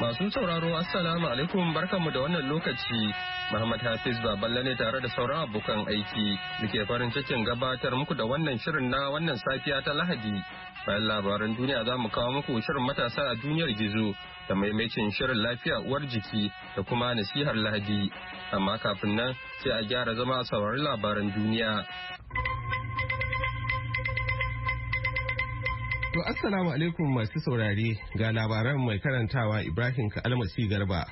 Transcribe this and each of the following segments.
Masu sauraro Assalamu alaikum barkanmu da wannan lokaci. Muhammad Hafiz Baballe ne tare da sauran abokan aiki muke farin cikin gabatar muku da wannan shirin na wannan safiya ta Lahadi. Bayan labaran duniya za mu kawo muku shirin matasa a duniyar gizo da maimacin shirin lafiya uwar jiki da kuma nasihar Lahadi. Amma kafin nan sai a gyara zama a saurari labaran duniya. To assalamu alaikum masu saurare ga labaran mai karantawa Ibrahim Kalmasi Garba.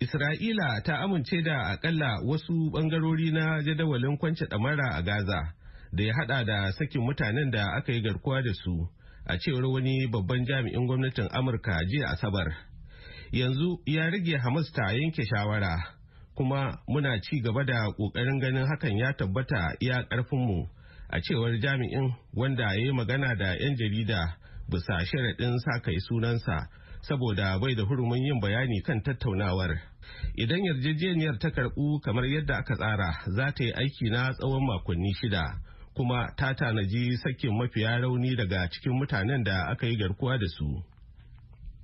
Isra'ila ta amince da akalla wasu bangarori na jadawalin kwance ɗamara a Gaza da ya hada da sakin mutanen da aka yi garkuwa da su a cewar wani babban jami'in gwamnatin Amurka jiya Asabar. Yanzu ya rage Hamas ta yanke shawara kuma muna ci gaba da ƙoƙarin ganin hakan ya tabbata ya ƙarfinmu a cewar jami'in wanda ya yi magana da 'yan jarida bisa sharaɗin sa kai sunansa saboda bai da hurumin yin bayani kan tattaunawar idan yarjejeniyar ta karɓu kamar yadda aka tsara za ta yi aiki na tsawon makonni shida kuma ta tanaji sakin mafiya rauni daga cikin mutanen da aka yi garkuwa da su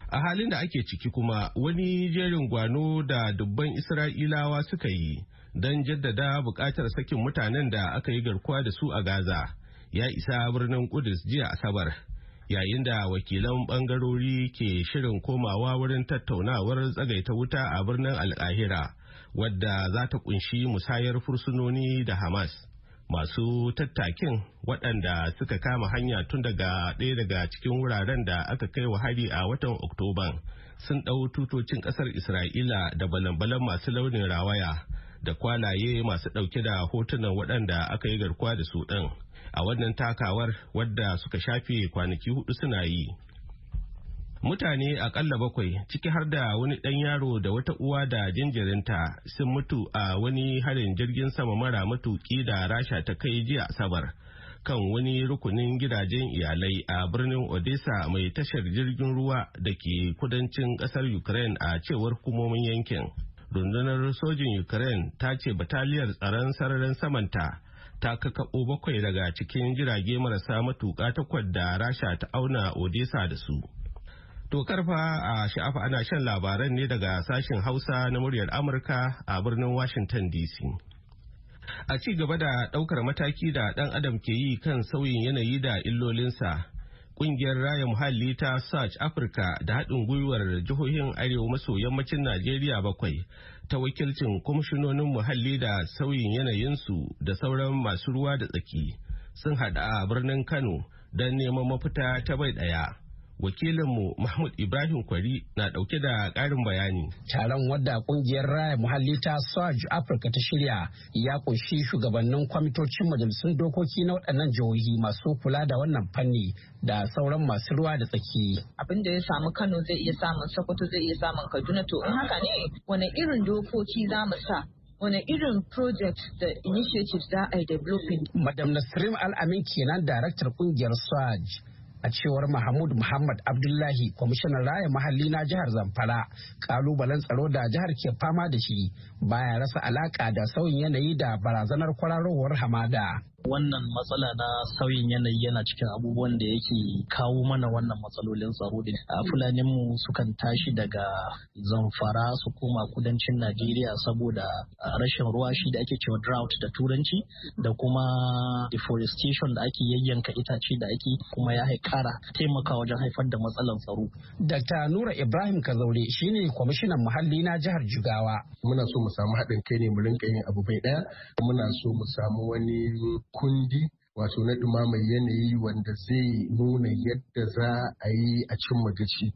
a halin da ake ciki kuma wani jerin gwano da dubban isra'ilawa suka yi don jaddada buƙatar sakin mutanen da aka yi garkuwa da su a Gaza ya isa birnin Kudus jiya Asabar yayin da wakilan bangarori ke shirin komawa wurin tattaunawar tsagaita wuta a birnin Alkahira wadda za ta kunshi musayar fursunoni da Hamas. Masu tattakin waɗanda suka kama hanya tun daga ɗaya daga cikin wuraren da aka kai wa hari a watan Oktoban sun ɗau tutocin ƙasar Isra'ila da balan-balan masu launin rawaya. da kwalaye masu ɗauke da hotunan waɗanda aka yi garkuwa da su ɗin a wannan takawar wadda suka shafe kwanaki hudu suna yi mutane akalla bakwai ciki har da wani ɗan yaro da wata uwa da jinjirinta sun mutu a wani harin jirgin sama mara matuki da rasha ta kai jiya asabar kan wani rukunin gidajen iyalai a birnin odessa mai tashar jirgin ruwa da ke kudancin ƙasar ukraine a cewar hukumomin yankin rundunar sojin ukraine ta ce bataliyar tsaron sararin samanta ta kakaɓo bakwai daga cikin jirage marasa matuƙa takwas da rasha ta auna odessa da su to karfa a sha'afa ana shan labaran ne daga sashen hausa na muryar amurka a birnin washington dc a ci gaba da ɗaukar mataki da ɗan adam ke yi kan sauyin yanayi da illolinsa Kungiyar Raya Muhalli ta Search Africa da haɗin gwiwar jihohin Arewa maso yammacin Najeriya bakwai ta wakilcin kwamishinonin muhalli da sauyin yanayinsu da sauran masu ruwa da tsaki sun haɗa a birnin Kano don neman mafita ta bai ɗaya. wakilinmu Mahmud Ibrahim Kwari na ɗauke da karin bayani. Taron wadda ƙungiyar raya muhalli ta Swaj Afirka ta shirya ya ƙunshi shugabannin kwamitocin majalisun dokoki na waɗannan jihohi masu kula da wannan fanni da sauran masu ruwa da tsaki. Abin da ya samu Kano zai iya samun Sokoto zai iya samun Kaduna to in haka ne wani irin dokoki za mu sa wani irin project da initiatives za a yi developing. Madam Nasrim Al-Amin kenan daraktar ƙungiyar Swaj. a cewar Mahmud Muhammad Abdullahi kwamishinan raya mahalli na jihar Zamfara kalubalen tsaro da jihar ke fama da shi baya rasa alaka da sauyin yanayi da barazanar kwararowar hamada. wannan matsala na sauyin yanayi yana cikin abubuwan da yake kawo mana wannan matsalolin tsaro din a fulanin mu sukan tashi daga zamfara su koma kudancin najeriya saboda rashin ruwa shi da ake cewa drought da turanci da kuma deforestation da ake yayyanka itace da ake kuma ya kara taimaka wajen haifar da matsalan tsaro dr nura ibrahim kazaure shine kwamishinan muhalli na jihar jigawa muna so mu samu haɗin kai ne mu rinka yin abu bai ɗaya muna so mu samu wani kundi wato na dumama yanayi wanda zai nuna yadda za a yi a cin magaci.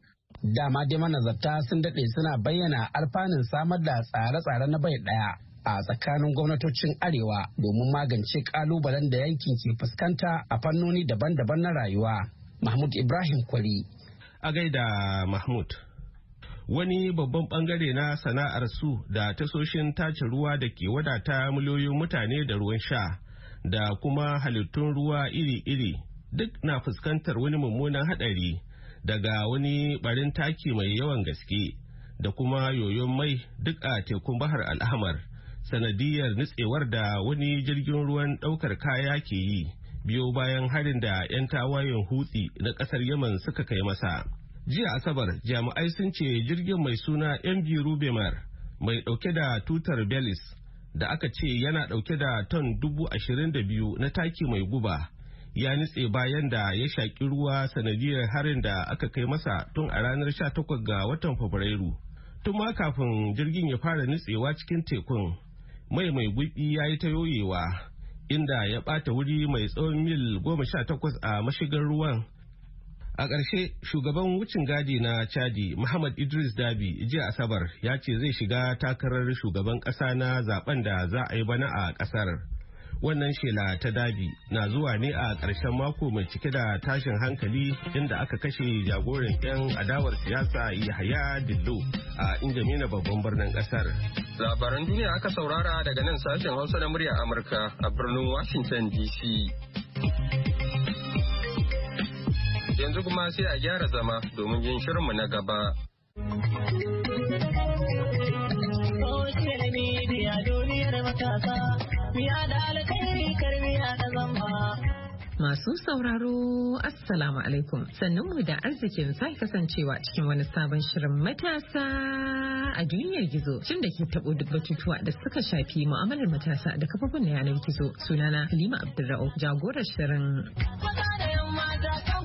Dama dai manazarta sun daɗe suna bayyana alfanun samar da tsare-tsare na bai ɗaya a tsakanin gwamnatocin Arewa domin magance ƙalubalen da yankin ke fuskanta a fannoni daban-daban na rayuwa. Mahmud Ibrahim Kwari. A gaida Mahmud. Wani babban bangare na sana'ar su da tasoshin tace ruwa da ke wadata miliyoyin mutane da ruwan sha. da kuma halittun ruwa iri-iri duk na fuskantar wani mummunan haɗari daga wani barin taki mai yawan gaske da kuma yoyon mai duk a tekun bahar al'amar sanadiyar nutsewar da wani jirgin ruwan ɗaukar kaya ke yi biyo bayan harin da 'yan tawayen hutsi na ƙasar yaman suka kai masa jiya asabar jami'ai sun ce jirgin mai suna mv rubemar mai ɗauke da tutar belis da aka ce yana ɗauke da ton dubu ashirin da biyu na taki mai guba ya nitse bayan da ya shaki ruwa sanadiyar harin da aka kai masa tun a ranar sha takwas ga watan fabrairu tun ma kafin jirgin ya fara nitsewa cikin tekun mai mai gwiɓi ya yi ta yoyewa inda ya ɓata wuri mai tsawon mil goma sha takwas a mashigar ruwan A ƙarshe shugaban wucin gadi na Chadi Muhammad Idris Dabi jiya Asabar ya ce zai shiga takarar shugaban ƙasa na zaben da za a yi bana a ƙasar. Wannan shela ta Dabi na zuwa ne a ƙarshen mako mai cike da tashin hankali inda aka kashe jagoran 'yan adawar siyasa Yahaya Dillo a na babban birnin ƙasar. Labaran duniya aka saurara daga nan sashen Hausa na murya Amurka a birnin Washington DC. yanzu kuma sai a gyara zama domin yin shirinmu na gaba. Masu sauraro Assalamu alaikum sannan mu da arzikin sai kasancewa cikin wani sabon shirin matasa a duniyar gizo shin da ke tabo duk batutuwa da suka shafi mu'amalar matasa da kafofin na yanar gizo sunana Halima Abdulra'u jagorar shirin. Maza da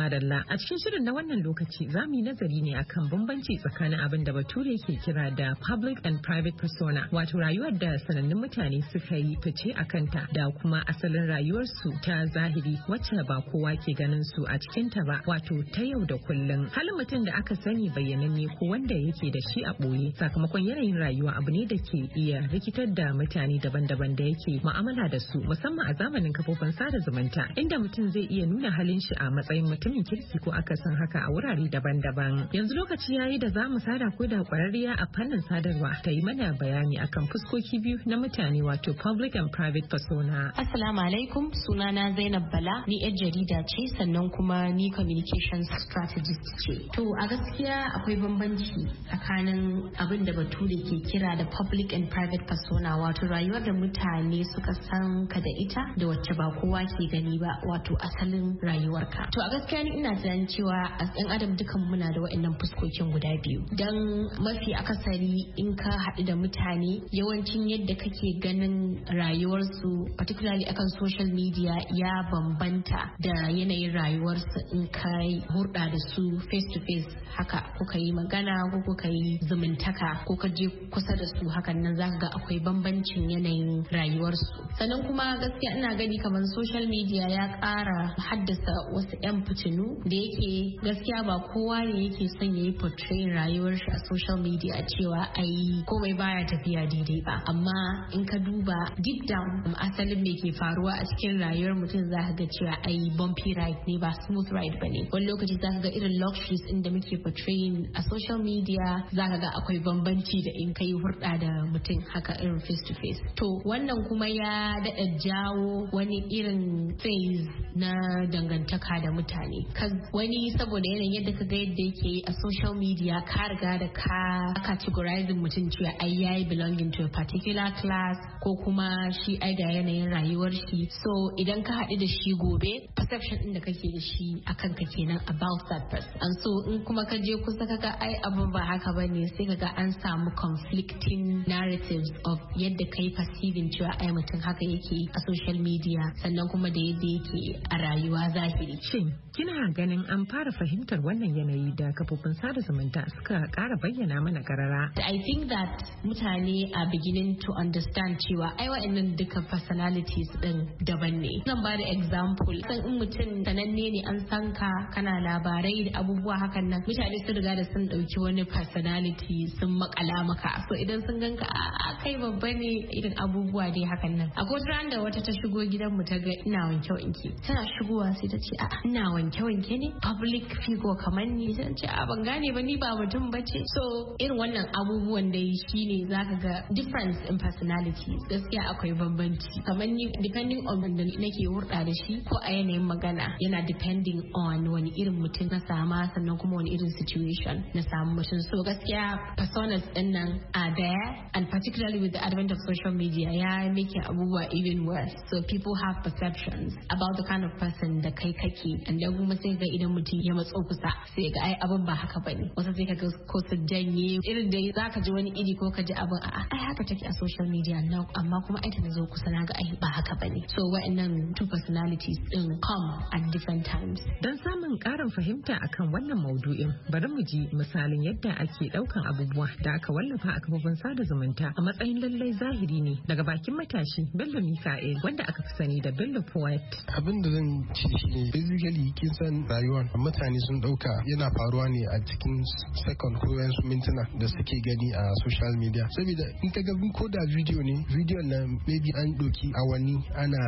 Madalla a cikin shirin na wannan lokaci za mu yi nazari ne akan bambanci tsakanin abin da Bature ke kira da public and private persona wato rayuwar da sanannun mutane suka yi fice a kanta da kuma asalin rayuwarsu ta zahiri wacce ba kowa ke ganin su a cikin ta ba wato ta yau da kullum. Halin mutum da aka sani bayyananne ko wanda yake da shi a boye sakamakon yanayin rayuwa abu ne da ke iya rikitar da mutane daban-daban da yake mu'amala da su musamman a zamanin kafofin sada zumunta inda mutum zai iya nuna halin shi a matsayin mutum mutumin kirki ko akasin haka a wurare daban-daban. Yanzu lokaci yayi da zamu mu sada ko da kwararriya a fannin sadarwa ta yi mana bayani akan fuskoki biyu na mutane wato public and private persona. Assalamu alaikum sunana Zainab Bala ni yar jarida ce sannan kuma ni communication strategist ce. To a gaskiya akwai bambanci tsakanin abin da bature ke kira da public and private persona wato rayuwar da mutane suka san ka da ita da wacce ba kowa ke gani ba wato asalin rayuwarka. To a gaskiya gaskiya ina tunanin cewa a ɗan adam dukan muna da waɗannan fuskokin guda biyu dan mafi akasari in ka haɗu da mutane yawancin yadda kake ganin rayuwarsu particularly akan social media ya bambanta da yanayin rayuwarsu in ka hurɗa da su face to face haka ko ka yi magana ko ko ka yi zumuntaka ko ka je kusa da su hakan nan zaka ga akwai bambancin yanayin rayuwarsu sannan kuma gaskiya ina gani kamar social media ya ƙara haddasa wasu 'yan fice fitintinu da yake gaskiya ba kowa ne yake son ya yi portraying rayuwar shi a social media cewa ai komai baya tafiya daidai ba amma in ka duba deep down asalin me ke faruwa a cikin rayuwar mutum za ka ga cewa ai bumpy ride ne ba smooth ride ba ne wani lokaci za ka ga irin luxuries din da muke portraying a social media za ka ga akwai bambanci da in ka yi hulɗa da mutum haka irin face to face to wannan kuma ya daɗa jawo wani irin phase na dangantaka da mutane Ka wani saboda yanayin yadda ka ga yadda yake a social media ka riga da ka categorizing mutum cewa ai yayi belonging to a particular class ko kuma shi ai ga yanayin rayuwar shi so idan ka haɗu da shi gobe perception din da kake da shi akan ka kenan about that person and so in kuma ka je kusa ka ga ai abun ba haka ba ne sai ka ga an samu conflicting narratives of yadda kai perceiving cewa ai mutum haka yake a social media sannan kuma da yadda yake a rayuwa zahiri shin muna ganin an fara fahimtar wannan yanayi da kafofin sada zumunta suka kara bayyana mana karara. I think that mutane are beginning to understand cewa ai wa'annan duka personalities din daban ne. Zan ba da example san in mutum sananne ne an san ka kana labarai da abubuwa hakan nan mutane sun riga da sun dauki wani personality sun makala maka so idan sun ganka a kai babba ne irin abubuwa dai hakan nan. Akwai ran da wata ta shigo gidan mu ta ga ina wanke wanke tana shigowa sai ta ce a ina wanke wanke wanke ne public figure kamar ni zan ce a ah, ban gane ba ni ba mutum bace so irin wannan abubuwan dai shine zaka ga difference in personality gaskiya akwai bambanci kamar ni depending on wanda nake hurɗa da shi ko a yanayin magana yana depending on wani irin mutum na sama sannan kuma wani irin situation na samu mutum so gaskiya personas din nan are there and particularly with the advent of social media ya make abubuwa even worse so people have perceptions about the kind of person da kai kake and then kuma sai ga idan mutum ya matso kusa sai ga ai abin ba haka bane wasu sai ka ga ko su janye irin da zaka ji wani iri ko ka ji abin a'a ai haka take a social media na amma kuma ai ta zo kusa na ga ai ba haka bane so wa'annan two personalities din come at different times dan samun karin fahimta akan wannan maudu'in bari mu ji misalin yadda ake daukan abubuwa da aka wallafa a kafofin sada zumunta a matsayin lallai zahiri ne daga bakin matashi Bello Mika'il wanda aka fi sani da Bello Poet abin da zan ce shi ne basically nisan rayuwa rayuwar mutane sun dauka yana faruwa ne a cikin second ko yansu mintuna da suke gani a social media saboda in ka ga ko da video ne video na maybe an doki awanni ana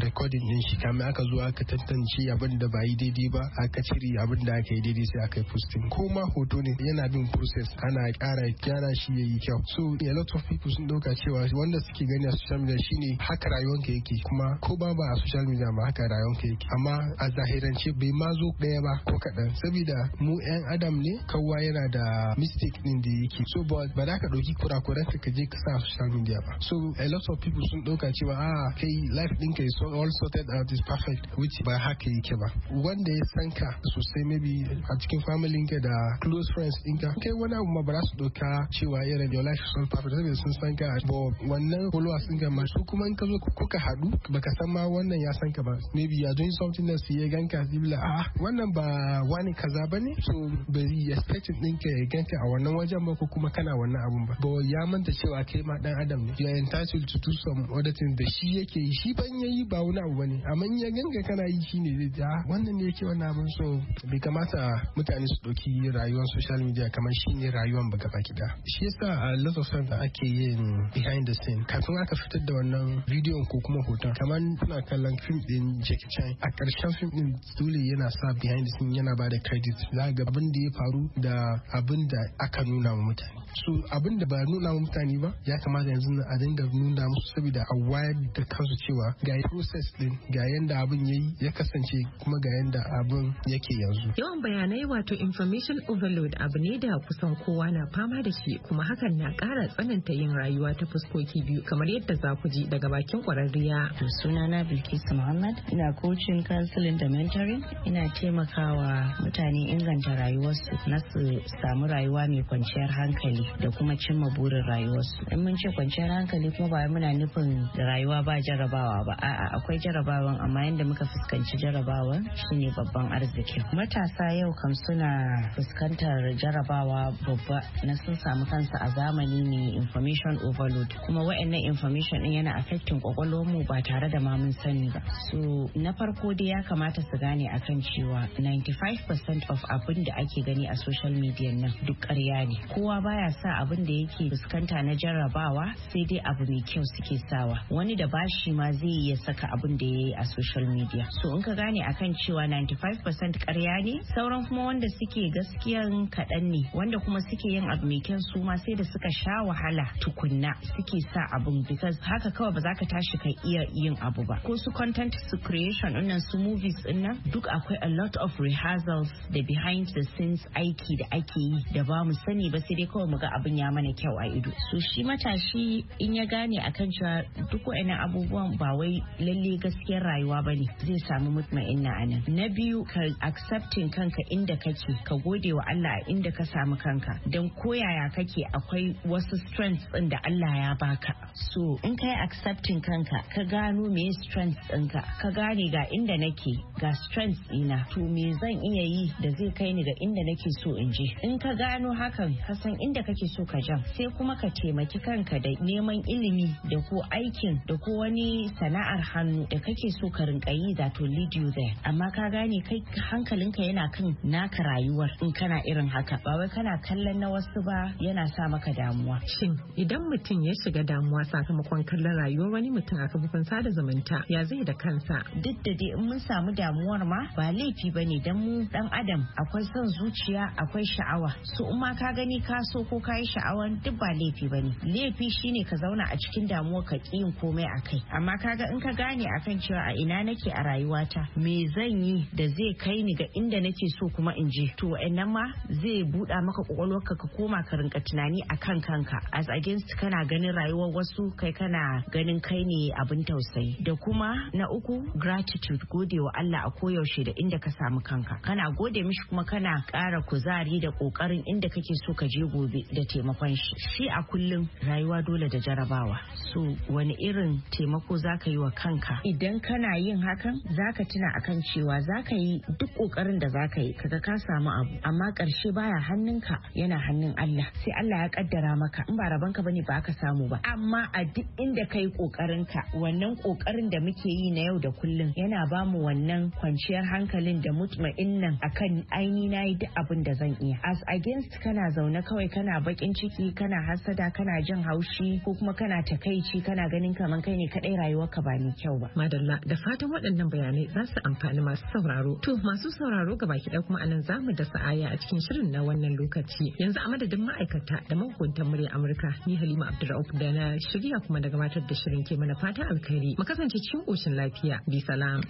recording din shi kamar aka zo aka tantance abin da ba yi daidai ba aka cire abin da aka yi daidai sai aka yi posting ko ma hoto ne yana bin process ana kara gyara shi ya yi kyau so a lot of people sun dauka cewa wanda suke gani a social media shine haka rayuwanka yake kuma ko ba ba a social media ba haka rayuwanka yake amma a zahirance bai ma zo ɗaya ba ko kaɗan saboda mu 'yan adam ne kawai yana da mistake ɗin da yake so ba za ka ɗauki kurakuran ka je ka sa social media ba so a lot of people sun ɗauka cewa ah kai life ɗinka is all sorted out is perfect which ba haka yake ba wanda ya san ka sosai maybe a cikin family ka da close friends ɗinka kai wani abu ma ba za su ɗauka cewa eh, irin your life is all perfect saboda sun san ka ba wannan followers ɗinka ma su kuma in ka zo kuka haɗu baka san ma wannan ya san ka ba maybe you are doing something else ya ganka zibla kila a ah, wannan ba wani kaza ba ne so bai expecting ɗinka ya ganka a wannan wajen ba ko kuma kana wannan abun ba ba ya manta cewa kai ma dan adam ne ya entitled to do some other thing da shi yake yi shi ban yayi ba wani abu bane amma ya ganga kana yi shine zai ja ah, wannan ne yake wannan abun so bai kamata mutane su doki rayuwar social media kamar shine rayuwar ba gaba kida shi yasa a lot of times da ake yin behind the scene kafin aka fitar da wannan bidiyon ko kuma hoton kamar kuna kallon fim din Jackie Chan a ƙarshen fim din dole yana sa behind the scene yana ba da credit za ga abin da ya faru da abin da aka nuna wa mutane so abin da ba nuna wa mutane ba ya kamata yanzu a dinga nuna musu saboda a wayar da kansu cewa ga process din ga yanda abin yayi ya kasance kuma ga yanda abin yake yanzu yawan bayanai wato information overload abu ne da kusan kowa na fama da shi kuma hakan na kara tsananta yin rayuwa ta fuskoki biyu kamar yadda za ku ji daga bakin kwararriya sunana Bilkisu Muhammad ina coaching counseling da mentoring ina taimakawa mutane inganta rayuwarsu na su samu rayuwa mai kwanciyar hankali da kuma cimma burin rayuwarsu in mun ce kwanciyar hankali kuma ba muna nufin rayuwa ba jarabawa ba a'a akwai jarabawan amma yadda muka fuskanci jarabawan shine babban arziki matasa yau kam suna fuskantar jarabawa babba na sun samu kansa a zamani ne information overload kuma wa'annan information din yana affecting mu ba tare da ma mun sani ba so na farko dai ya kamata su gane a akan cewa 95% of abin da ake gani a social media nan duk ƙarya ne kowa baya sa abin da yake fuskanta na jarrabawa sai dai abu mai kyau suke sawa wani da bashi ma zai iya saka abin da ya yi a social media so in ka gane akan cewa 95% ƙarya ne sauran kuma wanda suke gaskiyan kaɗan ne wanda kuma suke yin abu mai kyau su ma sai da suka sha wahala tukunna suke sa abin because haka kawai ba za ka tashi ka iya yin abu ba ko su content su creation ɗinnan su movies ɗinnan duk akwai a lot of rehearsals da behind the scenes aiki da ake yi da ba mu sani ba sai dai kawai mu ga abin ya mana kyau a ido so shi matashi in ya gane akan cewa duk wa'annan abubuwan ba wai lalle gaskiyar rayuwa ba ne zai samu mutmainna a nan na biyu ka accepting kanka inda kake ka gode wa Allah a inda ka samu kanka don koyaya kake akwai wasu strengths din da Allah ya baka so in kai accepting kanka ka gano me strengths ɗinka ka gane ga inda nake ga strengths ina to me zan iya yi da zai kai ni ga inda nake so in je in ka gano hakan ka inda kake so ka jan sai kuma ka taimaki kanka da neman ilimi da ko aikin da ko wani sana'ar hannu da kake so ka rinka yi da to lead you there amma ka gane kai hankalinka yana kan naka rayuwar in kana irin haka ba wai kana kallon na wasu ba yana sa maka damuwa shin idan mutum ya shiga damuwa sakamakon kallon rayuwar wani mutum a kafofin sada zumunta ya zai da kansa duk da dai in mun samu damuwar ma ba laifi ba ne don mu dan adam akwai son zuciya akwai sha'awa su umma ka gani ka so ko ka yi sha'awan duk ba laifi ba ne laifi shine ka zauna a cikin damuwa ka ƙi yin komai a kai amma kaga in ka gane a kan cewa a ina nake a rayuwata me zan yi da zai kai ni ga inda nake so kuma in je to wa'annan ma zai buɗa maka kwakwalwarka ka koma ka rinka tunani a kan kanka as against kana ganin rayuwar wasu kai kana ganin kai ne abin tausayi da kuma na uku gratitude gode Allah a koyaushe shi da inda ka samu kanka kana gode mishi kuma kana ƙara kuzari da ƙoƙarin inda kake so ka je gobe da taimakon shi shi a kullum rayuwa dole da jarabawa so wani irin taimako za ka yi wa kanka idan kana yin hakan za ka tuna kan cewa za ka yi duk ƙoƙarin da za ka yi kaga ka samu abu amma ƙarshe baya hannunka yana hannun Allah sai Allah ya kaddara maka in ba rabanka bane ba ka samu ba amma a duk inda kai ƙoƙarinka wannan ƙoƙarin da muke yi na yau da kullum yana bamu wannan kwanciyar kwanciyar hankalin da mutma'innan akan aini na yi duk abin da zan iya as against kana zaune kawai kana bakin ciki kana hasada kana jin haushi ko kuma kana takaici kana ganin kaman kai ne kadai rayuwarka ba ni kyau ba madalla da fatan waɗannan bayanai za su amfani masu sauraro to masu sauraro gaba ki kuma anan za mu da sa'aya a cikin shirin na wannan lokaci yanzu a madadin ma'aikata da mahukuntan murya amurka ni halima abdurrauf da na shirya kuma da gabatar da shirin ke mana fatan alkhairi mu kasance cikin koshin lafiya bi salam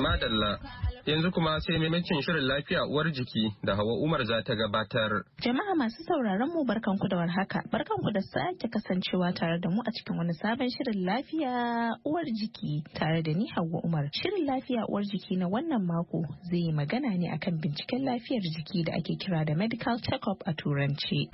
Madalla. Yanzu kuma sai maimacin shirin lafiya uwar jiki da hawa Umar za ta gabatar. Jama'a masu sauraron mu barkanku da warhaka. Barkanku da sake kasancewa tare da mu a cikin wani sabon shirin lafiya uwar jiki tare da ni Hauwa Umar. Shirin lafiya uwar jiki na wannan mako zai yi magana ne akan binciken lafiyar jiki da ake kira da medical check-up a turanci.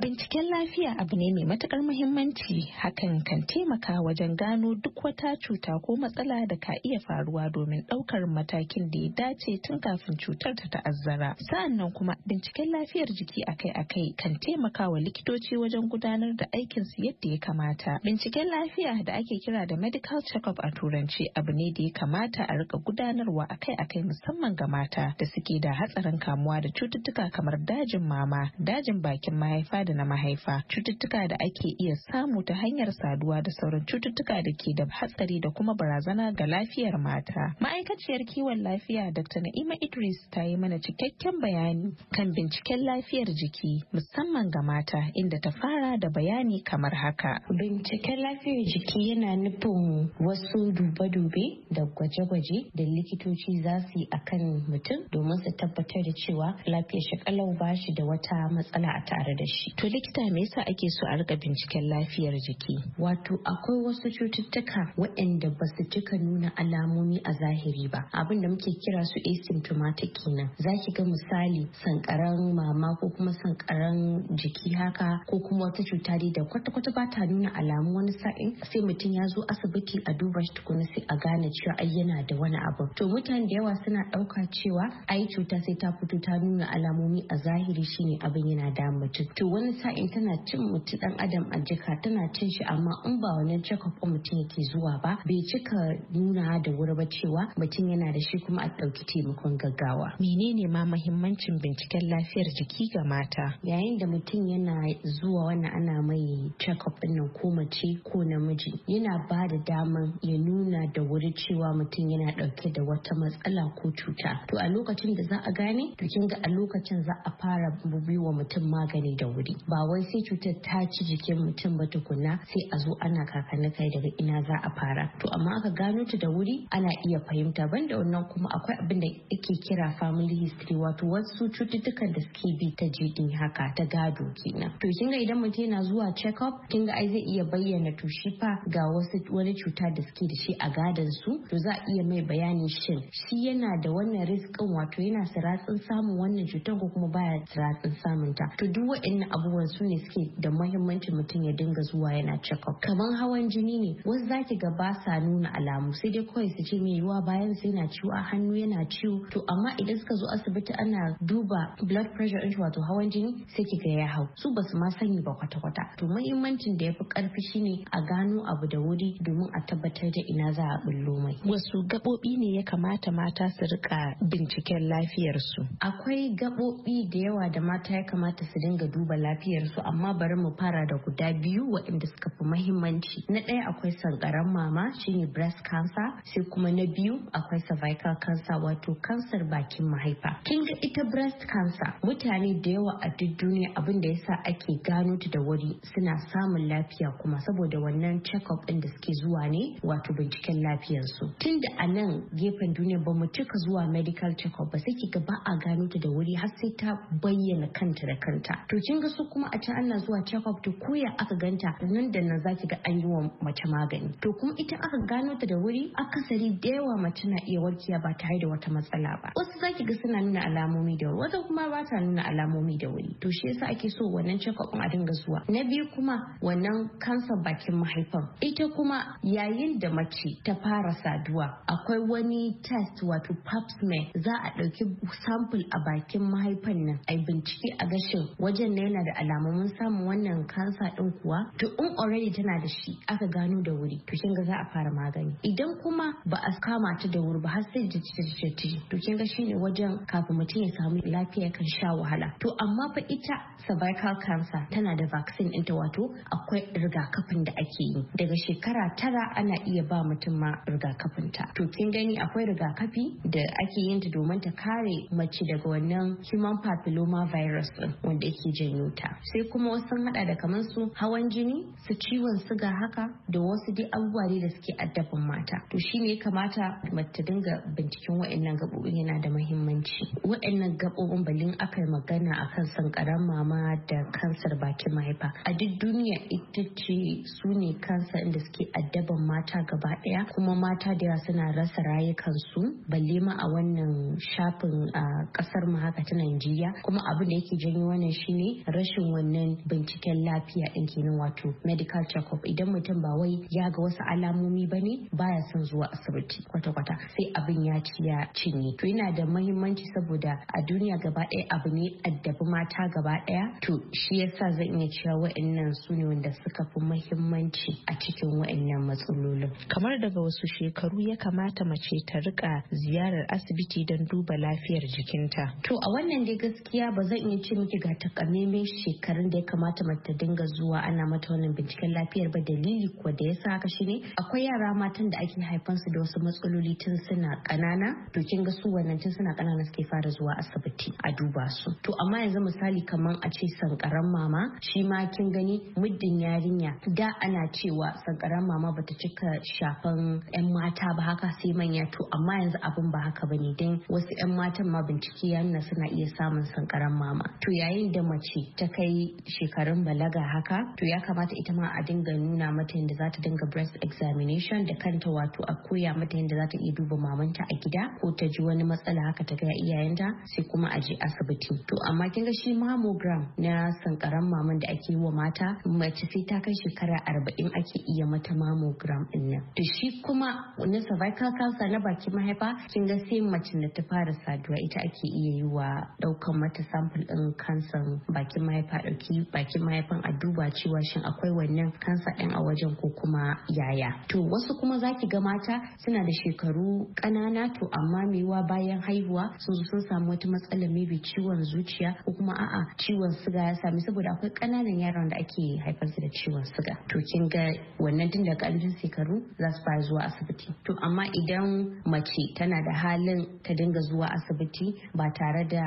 Binciken lafiya abu ne mai matukar muhimmanci hakan kan taimaka wajen gano duk wata cuta ko matsala da ka iya faruwa domin ɗaukar matakin da ya dace tun kafin cutar ta ta'azzara. Sa'annan kuma binciken lafiyar jiki akai-akai kan taimaka wa likitoci wajen gudanar da aikinsu yadda ya kamata. Binciken lafiya da ake kira da medical check-up a turanci abu ne da ya kamata a rika gudanarwa akai-akai musamman ga mata da suke da hatsarin kamuwa da cututtuka kamar dajin mama, dajin bakin mahaifa da na mahaifa cututtuka da ake iya samu ta hanyar saduwa da sauran cututtuka da ke da hatsari da kuma barazana ga lafiyar mata. Ma'aikaciyar kiwon lafiya Dr. Na'ima Idris ta yi mana cikakken bayani kan binciken lafiyar jiki musamman ga mata inda ta fara da bayani kamar haka. Binciken lafiyar jiki yana nufin wasu dube-dube da gwaje-gwaje da likitoci za su yi akan mutum domin su tabbatar da cewa lafiyar shi kalau ba shi da wata matsala a tare da shi. To likita me yasa ake so a rika binciken lafiyar jiki? Wato akwai wasu cututtuka waɗanda ba su cika nuna alamomi a zahiri ba. Abin da muke kira su asymptomatic kenan. Za ki ga misali sankaran mama ko kuma sankaran jiki haka ko kuma wata cuta dai da kwata-kwata ba ta nuna alamu wani sa'in sai mutum ya zo asibiti a duba shi tukuna sai a gane cewa ai yana da wani abu. To mutane da yawa suna ɗauka cewa ai cuta sai ta fito ta nuna alamomi a zahiri shine abin yana da mutum. To wani sa'in tana cin mutu dan adam a jika tana cin shi amma in ba wannan check up mutum yake zuwa ba bai cika nuna da wuri ba cewa mutum yana da shi kuma a ɗauki taimakon gaggawa. Menene ma mahimmancin binciken lafiyar jiki ga mata? Yayin da mutum yana zuwa wannan ana mai check up ɗin nan ko mace ko namiji yana ba da daman ya nuna da wuri cewa mutum yana ɗauke da wata matsala ko cuta. To a lokacin da za a gane to kin ga a lokacin za a fara wa mutum magani da wuri. ba wai sai cutar ta ci jikin mutum ba tukunna sai a zo ana kakanin kai daga ina za a fara to amma aka gano ta da wuri ana iya fahimta banda wannan kuma akwai abin da ake kira family history wato wasu cututtukan da suke bi ta jini haka ta gado kenan to kin ga idan mutum yana zuwa check up kin ga ai zai iya bayyana to shi fa ga wasu wani cuta da suke da shi a gadon su to za a iya mai bayani shin shi yana da wannan riskin wato yana siratsin samun wannan cutar ko kuma baya siratsin samun ta to duk waɗannan abu abubuwan su ne suke da mahimmancin mutum ya dinga zuwa yana check up kamar hawan jini ne wasu zaki ga ba sa nuna alamu sai dai kawai su ce mai yiwa bayan sai na ciwo a hannu yana ciwo to amma idan suka zo asibiti ana duba blood pressure din wato hawan jini sai ki ga ya hau su basu ma sani ba kwata-kwata to mahimmancin da ya fi karfi shine a gano abu da wuri domin a tabbatar da ina za a bullo mai wasu gaɓoɓi ne ya kamata mata su rika binciken lafiyarsu akwai gaɓoɓi da yawa da mata ya kamata su dinga duba lafiyar lafiyarsu amma bari mu fara da guda biyu waɗanda suka fi mahimmanci na ɗaya akwai sankaran mama shine breast cancer sai kuma na biyu akwai cervical cancer wato kansar bakin mahaifa kin ga ita breast cancer mutane da yawa a duk duniya abin da yasa ake gano ta da wuri suna samun lafiya kuma saboda wannan check-up ɗin da suke zuwa ne wato binciken lafiyarsu tun da a nan gefen duniya ba mu cika zuwa medical check-up ba sai ki ga ba a gano ta da wuri har sai ta bayyana kanta da kanta to kin ga wasu kuma a can ana zuwa check up to koya aka ganta nan da nan zaki ga an yi wa mace magani to kuma ita aka gano ta da wuri akasari da yawa mace na iya warkiya ba tare da wata matsala ba wasu zaki ga suna nuna alamomi da wuri wasu kuma ba ta nuna alamomi da wuri to shi yasa ake so wannan check up a dinga zuwa na biyu kuma wannan kansa bakin mahaifan ita kuma yayin da mace ta fara saduwa akwai wani test wato pap smear za a ɗauki sample a bakin mahaifan nan a bincike a gashin wajen na yana da alamu mun samu wannan kansa din kuwa to in already tana da shi aka gano da wuri to kin za a fara magani idan kuma ba a kama ta da wuri ba har sai da jijjiji to kin shine wajen kafin mutum ya samu lafiya kan sha wahala to amma fa ita cervical cancer tana da vaccine ɗinta wato akwai rigakafin da ake yi daga shekara tara ana iya ba mutum ma rigakafin ta. to kin gani akwai rigakafi da ake yin ta domin ta kare mace daga wannan human papilloma virus din wanda yake janyo cuta sai kuma wasu hada da kamar su hawan jini su ciwon suga haka da wasu dai abubuwa ne da suke addabin mata to shine kamata mata dinga binciken wa'annan gabobin yana da mahimmanci. wa'annan gabobin balin aka magana magana akan sankaran mama da kansar bakin mahaifa a duk duniya ita ce su ne kansa inda suke addaban mata gaba daya kuma mata da yawa suna rasa rayukansu balle ma a wannan shafin a kasar mu haka ta Najeriya kuma abin da yake janyo wannan shine rashin rashin wannan binciken lafiya din kenan wato medical check-up idan mutum ba wai ya ga wasu alamomi ba ne baya son zuwa asibiti kwata-kwata sai abin ya ci ya cinye to yana da mahimmanci saboda a duniya gaba ɗaya abu ne addabi mata gaba ɗaya to shi yasa zan iya cewa wa'annan su ne wanda suka fi mahimmanci a cikin wa'annan matsalolin kamar daga wasu shekaru ya kamata mace ta rika ziyarar asibiti don duba lafiyar jikinta to a wannan dai gaskiya ba zan iya ce miki ga takamaiman shekarun da ya kamata mata dinga zuwa ana mata wannan binciken lafiyar ba dalili kuwa da yasa haka shine akwai yara matan da ake haifansu da wasu matsaloli tun suna kanana to kin ga su wannan tun suna kanana suke fara zuwa asibiti a duba su to amma yanzu misali kamar a ce sankaran mama shi ma kin gani muddin yarinya da ana cewa sankaran mama bata cika shafan yan mata ba haka sai manya to amma yanzu abin ba haka bane dan wasu yan matan ma bincike yana suna iya samun sankaran mama to yayin da mace ta kai shekarun balaga haka to ya kamata ita ma a dinga nuna mata yadda za ta dinga breast examination da kanta wato a koya mata yadda za ta iya duba mamanta a gida ko ta ji wani matsala haka ta gaya iyayenta sai kuma a je asibiti to amma kin ga shi mammogram na sankaran maman da ake yi wa mata mace sai ta kai shekara arba'in ake iya mata mammogram din nan to shi kuma na cervical cancer na bakin mahaifa kin ga sai mace da ta fara saduwa ita ake iya yi wa daukan mata sample din kansan bakin mahaifa mahaifa ɗauki bakin mahaifan a duba cewa shin akwai wannan kansa ɗin a wajen ko kuma yaya to wasu kuma zaki ga mata suna da shekaru ƙanana to amma mewa bayan haihuwa sun zo sun samu wata matsala maybe ciwon zuciya ko kuma a'a ciwon suga ya sami saboda akwai ƙananan yaran da ake haifar su da ciwon suga to kin ga wannan tun daga shekaru za su fara zuwa asibiti to amma idan mace tana da halin ta dinga zuwa asibiti ba tare da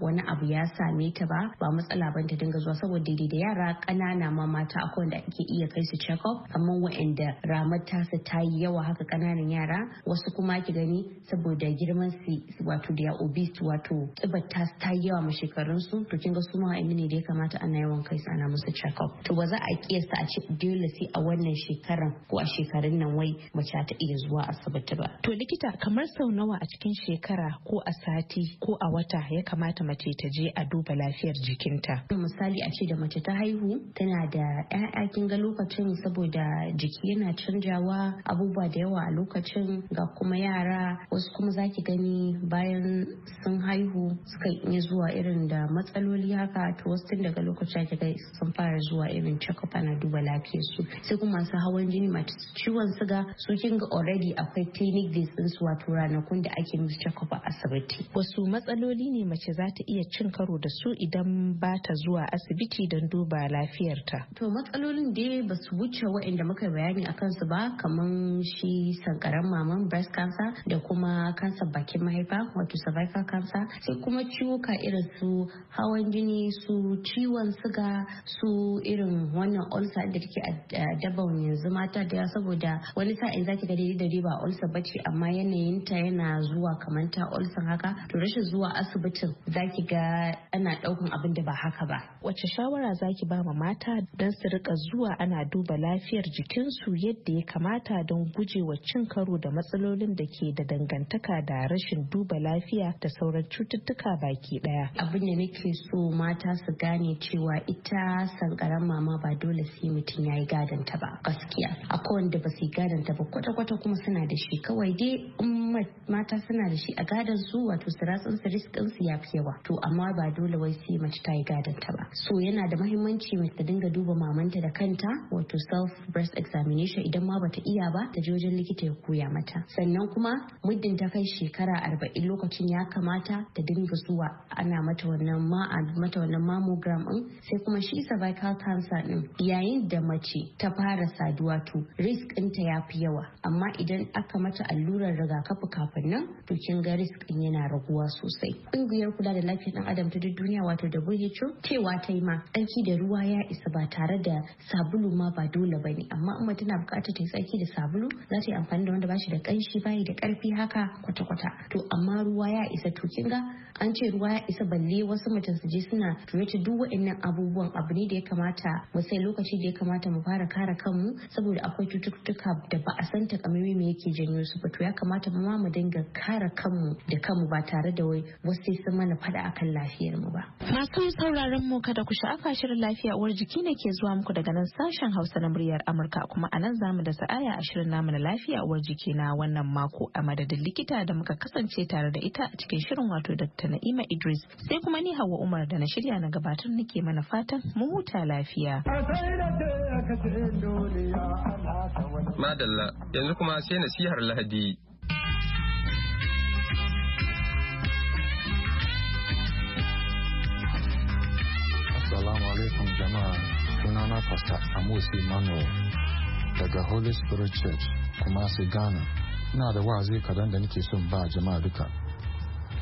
wani abu ya same ta ba ba matsala ba ta dinga zuwa saboda daidai da yara ƙanana ma mata akwai wanda ake iya kai su check up amma wa'anda ramar tasa ta yi yawa haka kananan yara wasu kuma ki gani saboda girman su wato da obese wato kibar ta ta yi yawa ma shekarun su to kin ga su ma ne da ya kamata ana yawan kai su ana musu check up to ba za a kiyasta a ce dole sai a wannan shekaran ko a shekarun nan wai mace ta iya zuwa asibiti ba to likita kamar sau nawa a cikin shekara ko a sati ko a wata ya kamata mace ta je a duba lafiyar jikinta misali a ce da mace ta haihu tana da 'ya'ya kin ga lokacin saboda jiki yana canjawa abubuwa da yawa a lokacin ga kuma yara wasu kuma zaki gani bayan sun haihu suka iya zuwa irin da matsaloli haka to wasu tun daga lokacin ake ga sun fara zuwa irin check-up duba lafiyar su sai kuma masu hawan jini masu ciwon suga su kin ga already akwai clinic days din wato ranakun da ake musu check-up a asibiti wasu matsaloli ne mace za ta iya cin karo da su idan ba ta zuwa asibiti don duba lafiyarta. To matsalolin da ba su wuce waɗanda muka bayani a kansu ba kamar shi sankaran maman breast cancer da kuma kansar bakin mahaifa wato cervical cancer sai kuma ciwuka irin su hawan jini su ciwon suga su irin wannan ulcer da take daban yanzu mata da saboda wani sa'in zaki ga da ba ulcer bace amma yanayin ta yana zuwa kamar ta ulcer haka to rashin zuwa asibitin zaki ga ana daukan abin da ba haka ba ba. Wace shawara zaki ki ba mata don su rika zuwa ana duba lafiyar jikinsu yadda ya kamata don gujewa cin karo da matsalolin da ke da dangantaka da rashin duba lafiya da sauran cututtuka baki daya. Abin da nake so mata su gane cewa ita sankaran mama ba dole sai mutum ya yi gadanta ba gaskiya. Akwai wanda ba su yi gadanta ba kwata-kwata kuma suna da shi kawai dai mata suna da shi a gadon su wato siratsun su riskin su ya fi yawa to amma ba dole wai sai mace ta yi gadon mata ba so yana da mahimmanci mace ta dinga duba mamanta da kanta wato self breast examination idan ma bata iya ba ta je wajen likita ya koya mata sannan kuma muddin ta kai shekara arba'in lokacin ya kamata ta dinga zuwa ana mata wannan ma mata wannan mammogram din sai kuma shi cervical cancer din yayin da mace ta fara saduwa to risk ɗinta ya fi yawa amma idan aka mata allurar rigakafi kafin nan to kin ga risk ɗin yana raguwa sosai ƙungiyar kula da lafiyar ɗan adam ta duk duniya wato WHO cewa ta yi ma tsarki da ruwa ya isa ba tare da sabulu ma ba dole ba ne amma in tana buƙatar ta yi tsarki da sabulu za ta yi amfani da wanda ba shi da ƙanshi bayi da karfi haka kwata-kwata to amma ruwa ya isa to kin ga an ce ruwa ya isa balle wasu mutum su je suna tuyace duk waɗannan abubuwan abu ne da ya kamata mu sai lokaci da ya kamata mu fara kare kanmu saboda akwai cututtuka da ba a san takamaimai me yake janyo su ba to ya kamata mu ma mu dinga kare kanmu da kanmu ba tare da wai wasu sai sun mana faɗa akan lafiyar mu ba. Masu sauraron mu kada ku sha'afa shirin lafiya uwar jiki ne ke zuwa muku daga nan sashen Hausa na muryar Amurka kuma a nan zamu da sa'aya a shirin namu na lafiya uwar jiki na wannan mako a madadin likita da muka kasance tare da ita a cikin shirin wato Dr. Na'ima Idris sai kuma ni Hauwa Umar da na shirya na gabatar nake mana fatan mu huta lafiya. Madalla yanzu kuma sai nasihar Lahadi. alaikum jama'a sunana pastor amos emmanuel daga holy spirit church kuma ghana ina da wa'azi kadan da nake son ba jama'a duka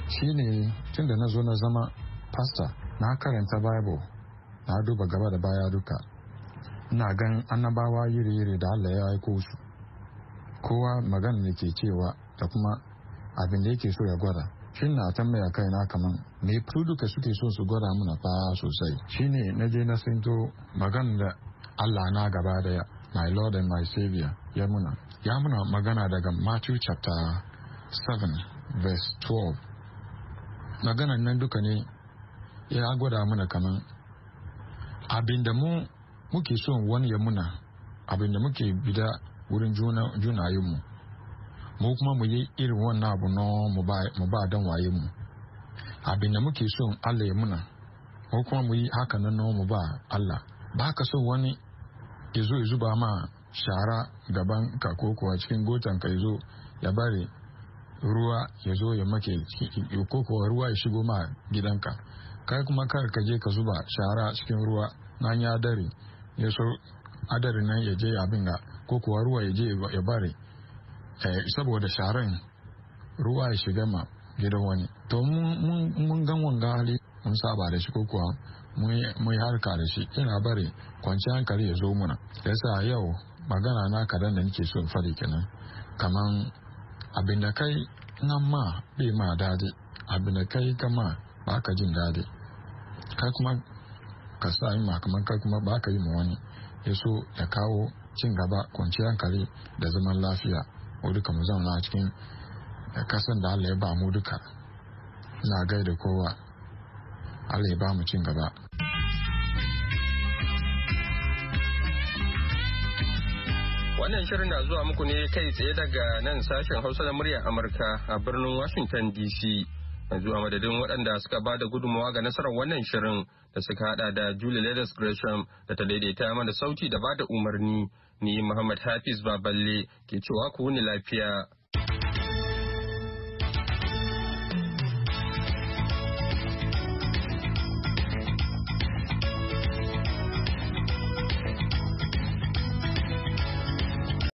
shine tun da na zo na zama pastor na karanta bible na duba gaba da baya duka ina gan annabawa yiri-yiri da allah ya aiko su kowa magana ne ke cewa da kuma abin da yake so ya gwada shin na tambaya kaina kaman me su duka suke so su gwada mana fa sosai shine na je na sinto magana da Allah na gaba da my lord and my savior ya muna ya muna magana daga Matthew chapter 7 verse 12 magana nan duka ne ya gwada mana kaman abinda mu muke son wani ya muna abinda muke bida wurin juna mu mu kuma mu yi irin wannan abu na mu ba don waye mu abin da muke so Allah ya muna mu kuma mu yi haka nan na mu ba Allah ba ka so wani ya zo ya zuba ma shara gaban ka ko kuwa cikin gotan ka ya zo ya bari ruwa ya zo ya make ko kuwa ruwa ya shigo ma gidanka kai kuma kar ka je ka zuba shara cikin ruwa na ya dare ya so adarin nan ya je abin ga ko kuwa ruwa ya je ya bari Eh, saboda sharan ruwa ya shiga ma gidan wani to mun gan wanga hali mun saba da shi ko kuwa mun harka da shi ina bari kwanci hankali ya zo muna yasa yau magana na kadan da nake so in fari kenan kaman abin da kai nan ma bai ma dadi abin da kai kama ba ka jin dadi kai kuma ka sa ma kaman kai kuma ba ka yi ma wani ya so ya kawo cin gaba kwanciyar hankali da zaman lafiya mu duka mu zauna cikin kasan eh, da Allah ya ba mu duka na gaida kowa Allah ya ba mu cin gaba Wannan shirin na zuwa muku ne kai tsaye daga nan sashen Hausa da muryar Amurka a birnin Washington DC. Yanzu zuwa madadin waɗanda suka ba da gudunmawa ga nasarar wannan shirin da suka hada da Julie Ladis Gresham da ta daidaita mana sauti da ba da umarni Ni Muhammad Hafiz Baballe ke cewa ku wuni lafiya.